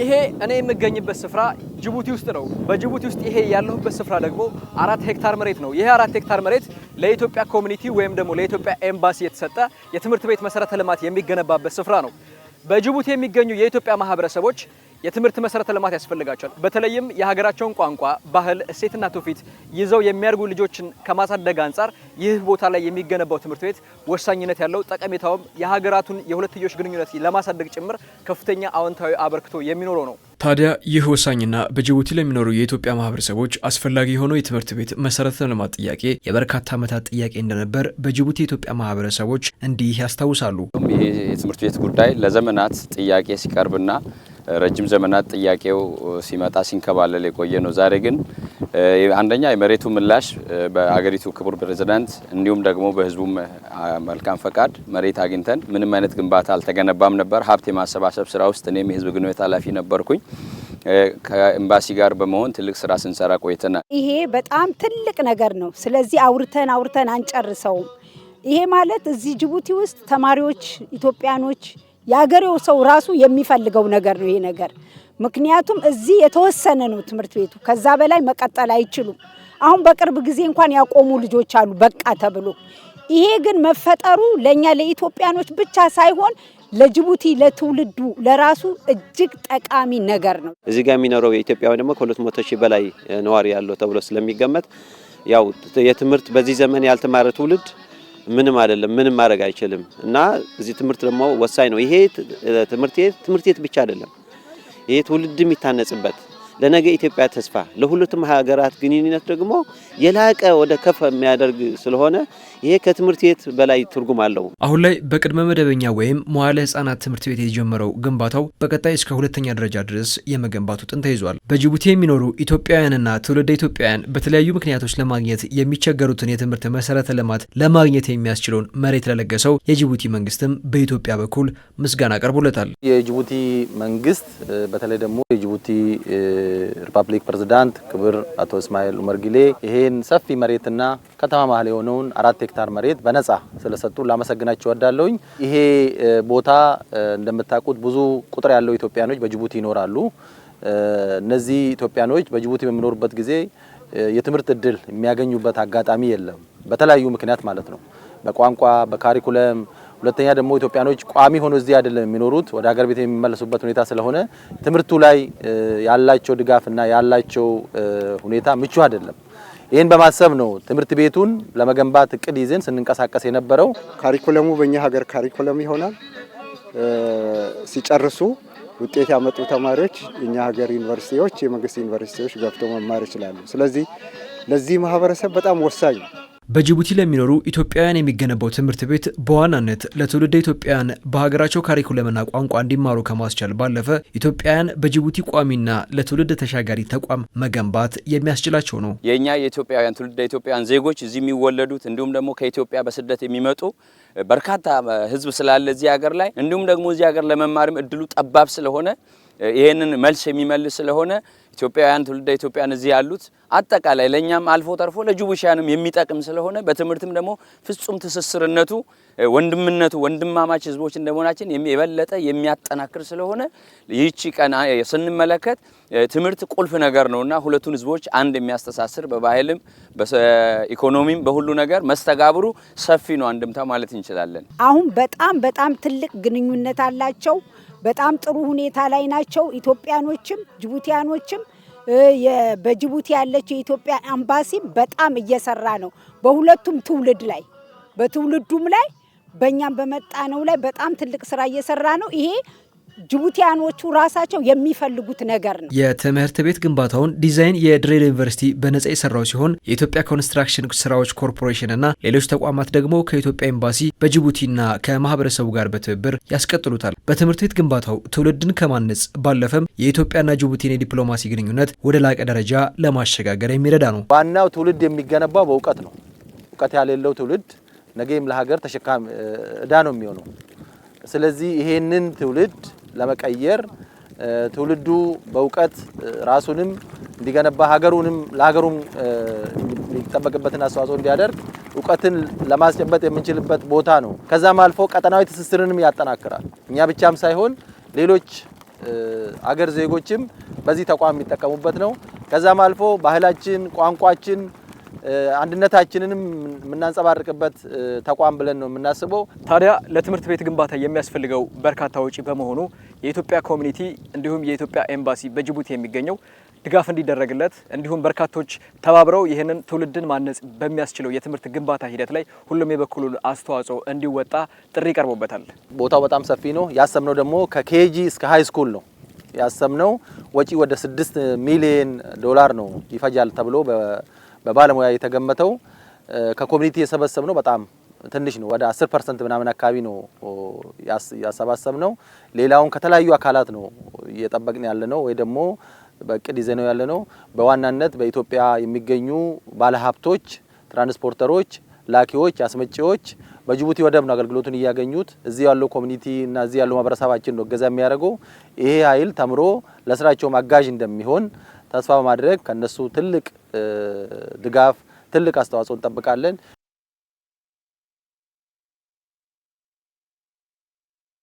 ይሄ እኔ የምገኝበት ስፍራ ጅቡቲ ውስጥ ነው። በጅቡቲ ውስጥ ይሄ ያለሁበት ስፍራ ደግሞ አራት ሄክታር መሬት ነው። ይሄ አራት ሄክታር መሬት ለኢትዮጵያ ኮሚኒቲ ወይም ደግሞ ለኢትዮጵያ ኤምባሲ የተሰጠ የትምህርት ቤት መሰረተ ልማት የሚገነባበት ስፍራ ነው። በጅቡቲ የሚገኙ የኢትዮጵያ ማህበረሰቦች የትምህርት መሰረተ ልማት ያስፈልጋቸዋል። በተለይም የሀገራቸውን ቋንቋ፣ ባህል፣ እሴትና ትውፊት ይዘው የሚያድጉ ልጆችን ከማሳደግ አንጻር ይህ ቦታ ላይ የሚገነባው ትምህርት ቤት ወሳኝነት ያለው ጠቀሜታውም የሀገራቱን የሁለትዮሽ ግንኙነት ለማሳደግ ጭምር ከፍተኛ አዎንታዊ አበርክቶ የሚኖረው ነው። ታዲያ ይህ ወሳኝና በጅቡቲ ለሚኖሩ የኢትዮጵያ ማህበረሰቦች አስፈላጊ የሆነው የትምህርት ቤት መሰረተ ልማት ጥያቄ የበርካታ ዓመታት ጥያቄ እንደነበር በጅቡቲ የኢትዮጵያ ማህበረሰቦች እንዲህ ያስታውሳሉ። ይህ የትምህርት ቤት ጉዳይ ለዘመናት ጥያቄ ሲቀርብና ረጅም ዘመናት ጥያቄው ሲመጣ ሲንከባለል የቆየ ነው። ዛሬ ግን አንደኛ የመሬቱ ምላሽ በአገሪቱ ክቡር ፕሬዝዳንት እንዲሁም ደግሞ በህዝቡ መልካም ፈቃድ መሬት አግኝተን ምንም አይነት ግንባታ አልተገነባም ነበር። ሀብት የማሰባሰብ ስራ ውስጥ እኔም የህዝብ ግንኙነት ኃላፊ ነበርኩኝ። ከኤምባሲ ጋር በመሆን ትልቅ ስራ ስንሰራ ቆይተናል። ይሄ በጣም ትልቅ ነገር ነው። ስለዚህ አውርተን አውርተን አንጨርሰውም። ይሄ ማለት እዚህ ጅቡቲ ውስጥ ተማሪዎች ኢትዮጵያኖች የአገሬው ሰው ራሱ የሚፈልገው ነገር ነው ይሄ ነገር። ምክንያቱም እዚህ የተወሰነ ነው ትምህርት ቤቱ፣ ከዛ በላይ መቀጠል አይችሉም። አሁን በቅርብ ጊዜ እንኳን ያቆሙ ልጆች አሉ በቃ ተብሎ። ይሄ ግን መፈጠሩ ለእኛ ለኢትዮጵያኖች ብቻ ሳይሆን ለጅቡቲ ለትውልዱ ለራሱ እጅግ ጠቃሚ ነገር ነው። እዚህ ጋር የሚኖረው የኢትዮጵያውያን ደግሞ ከሁለት መቶ ሺህ በላይ ነዋሪ ያለው ተብሎ ስለሚገመት ያው የትምህርት በዚህ ዘመን ያልተማረ ትውልድ ምንም አይደለም፣ ምንም ማድረግ አይችልም። እና እዚህ ትምህርት ደግሞ ወሳኝ ነው። ይሄ ትምህርት ቤት ትምህርት ቤት ብቻ አይደለም፣ ይሄ ትውልድ የሚታነጽበት ለነገ ኢትዮጵያ ተስፋ ለሁለቱም ሀገራት ግንኙነት ደግሞ የላቀ ወደ ከፍ የሚያደርግ ስለሆነ ይሄ ከትምህርት ቤት በላይ ትርጉም አለው። አሁን ላይ በቅድመ መደበኛ ወይም መዋለ ህጻናት ትምህርት ቤት የተጀመረው ግንባታው በቀጣይ እስከ ሁለተኛ ደረጃ ድረስ የመገንባቱ ጥን ተይዟል። በጅቡቲ የሚኖሩ ኢትዮጵያውያንና ትውልደ ኢትዮጵያውያን በተለያዩ ምክንያቶች ለማግኘት የሚቸገሩትን የትምህርት መሰረተ ልማት ለማግኘት የሚያስችለውን መሬት ለለገሰው የጅቡቲ መንግስትም በኢትዮጵያ በኩል ምስጋና ቀርቦለታል። የጅቡቲ መንግስት በተለይ ደግሞ የጅቡቲ ሪፐብሊክ ፕሬዝዳንት ክብር አቶ እስማኤል ኡመር ጊሌ ይሄን ሰፊ መሬትና ከተማ መሀል የሆነውን አራት ሄክታር መሬት በነጻ ስለሰጡ ላመሰግናቸው እወዳለሁኝ። ይሄ ቦታ እንደምታውቁት ብዙ ቁጥር ያለው ኢትዮጵያኖች በጅቡቲ ይኖራሉ። እነዚህ ኢትዮጵያኖች በጅቡቲ በሚኖሩበት ጊዜ የትምህርት እድል የሚያገኙበት አጋጣሚ የለም፣ በተለያዩ ምክንያት ማለት ነው። በቋንቋ በካሪኩለም ሁለተኛ ደግሞ ኢትዮጵያኖች ቋሚ ሆኖ እዚህ አይደለም የሚኖሩት ወደ ሀገር ቤት የሚመለሱበት ሁኔታ ስለሆነ ትምህርቱ ላይ ያላቸው ድጋፍ እና ያላቸው ሁኔታ ምቹ አይደለም። ይህን በማሰብ ነው ትምህርት ቤቱን ለመገንባት እቅድ ይዘን ስንንቀሳቀስ የነበረው። ካሪኩለሙ በእኛ ሀገር ካሪኩለም ይሆናል። ሲጨርሱ ውጤት ያመጡ ተማሪዎች እኛ ሀገር ዩኒቨርሲቲዎች፣ የመንግስት ዩኒቨርሲቲዎች ገብተው መማር ይችላሉ። ስለዚህ ለዚህ ማህበረሰብ በጣም ወሳኝ ነው። በጅቡቲ ለሚኖሩ ኢትዮጵያውያን የሚገነባው ትምህርት ቤት በዋናነት ለትውልደ ኢትዮጵያውያን በሀገራቸው ካሪኩለምና ቋንቋ እንዲማሩ ከማስቻል ባለፈ ኢትዮጵያውያን በጅቡቲ ቋሚና ለትውልድ ተሻጋሪ ተቋም መገንባት የሚያስችላቸው ነው። የእኛ የኢትዮጵያውያን ትውልደ ኢትዮጵያውያን ዜጎች እዚህ የሚወለዱት እንዲሁም ደግሞ ከኢትዮጵያ በስደት የሚመጡ በርካታ ሕዝብ ስላለ እዚህ ሀገር ላይ እንዲሁም ደግሞ እዚህ ሀገር ለመማርም እድሉ ጠባብ ስለሆነ ይህንን መልስ የሚመልስ ስለሆነ ኢትዮጵያውያን ትውልደ ኢትዮጵያን እዚህ ያሉት አጠቃላይ ለእኛም አልፎ ተርፎ ለጅቡሻንም የሚጠቅም ስለሆነ በትምህርትም ደግሞ ፍጹም ትስስርነቱ ወንድምነቱ ወንድማማች ህዝቦች እንደመሆናችን የበለጠ የሚያጠናክር ስለሆነ ይህቺ ቀን ስንመለከት ትምህርት ቁልፍ ነገር ነውና ሁለቱን ህዝቦች አንድ የሚያስተሳስር በባህልም በኢኮኖሚም በሁሉ ነገር መስተጋብሩ ሰፊ ነው አንድምታ ማለት እንችላለን። አሁን በጣም በጣም ትልቅ ግንኙነት አላቸው። በጣም ጥሩ ሁኔታ ላይ ናቸው። ኢትዮጵያኖችም ጅቡቲያኖችም በጅቡቲ ያለችው የኢትዮጵያ አምባሲም በጣም እየሰራ ነው። በሁለቱም ትውልድ ላይ በትውልዱም ላይ በእኛም በመጣ ነው ላይ በጣም ትልቅ ስራ እየሰራ ነው። ይሄ ጅቡቲያኖቹ ራሳቸው የሚፈልጉት ነገር ነው። የትምህርት ቤት ግንባታውን ዲዛይን የድሬዳዋ ዩኒቨርሲቲ በነጻ የሰራው ሲሆን የኢትዮጵያ ኮንስትራክሽን ስራዎች ኮርፖሬሽንና ሌሎች ተቋማት ደግሞ ከኢትዮጵያ ኤምባሲ በጅቡቲና ከማህበረሰቡ ጋር በትብብር ያስቀጥሉታል። በትምህርት ቤት ግንባታው ትውልድን ከማነጽ ባለፈም የኢትዮጵያና ጅቡቲን የዲፕሎማሲ ግንኙነት ወደ ላቀ ደረጃ ለማሸጋገር የሚረዳ ነው። ዋናው ትውልድ የሚገነባው በእውቀት ነው። እውቀት ያሌለው ትውልድ ነገም ለሀገር ተሸካሚ እዳ ነው የሚሆነው። ስለዚህ ይሄንን ትውልድ ለመቀየር ትውልዱ በእውቀት ራሱንም እንዲገነባ ሀገሩንም ለሀገሩም የሚጠበቅበትን አስተዋጽኦ እንዲያደርግ እውቀትን ለማስጨበጥ የምንችልበት ቦታ ነው። ከዛም አልፎ ቀጠናዊ ትስስርንም ያጠናክራል። እኛ ብቻም ሳይሆን ሌሎች አገር ዜጎችም በዚህ ተቋም የሚጠቀሙበት ነው። ከዛም አልፎ ባህላችን፣ ቋንቋችን አንድነታችንንም የምናንጸባርቅበት ተቋም ብለን ነው የምናስበው። ታዲያ ለትምህርት ቤት ግንባታ የሚያስፈልገው በርካታ ወጪ በመሆኑ የኢትዮጵያ ኮሚኒቲ እንዲሁም የኢትዮጵያ ኤምባሲ በጅቡቲ የሚገኘው ድጋፍ እንዲደረግለት እንዲሁም በርካቶች ተባብረው ይህንን ትውልድን ማነጽ በሚያስችለው የትምህርት ግንባታ ሂደት ላይ ሁሉም የበኩሉን አስተዋጽኦ እንዲወጣ ጥሪ ቀርቦበታል። ቦታው በጣም ሰፊ ነው። ያሰብነው ደግሞ ከኬጂ እስከ ሀይ ስኩል ነው ያሰብነው። ወጪ ወደ ስድስት ሚሊየን ዶላር ነው ይፈጃል ተብሎ በባለሙያ የተገመተው ከኮሚኒቲ የሰበሰብ ነው በጣም ትንሽ ነው። ወደ 10 ፐርሰንት ምናምን አካባቢ ነው ያሰባሰብ ነው። ሌላውን ከተለያዩ አካላት ነው እየጠበቅን ያለ ነው ወይ ደግሞ በቅድ ይዘ ነው ያለ ነው። በዋናነት በኢትዮጵያ የሚገኙ ባለሀብቶች፣ ትራንስፖርተሮች፣ ላኪዎች፣ አስመጪዎች በጅቡቲ ወደብ ነው አገልግሎቱን እያገኙት። እዚህ ያለው ኮሚኒቲ እና እዚህ ያለው ማህበረሰባችን ነው እገዛ የሚያደርገው። ይሄ ኃይል ተምሮ ለስራቸውም አጋዥ እንደሚሆን ተስፋ በማድረግ ከነሱ ትልቅ ድጋፍ፣ ትልቅ አስተዋጽኦ እንጠብቃለን።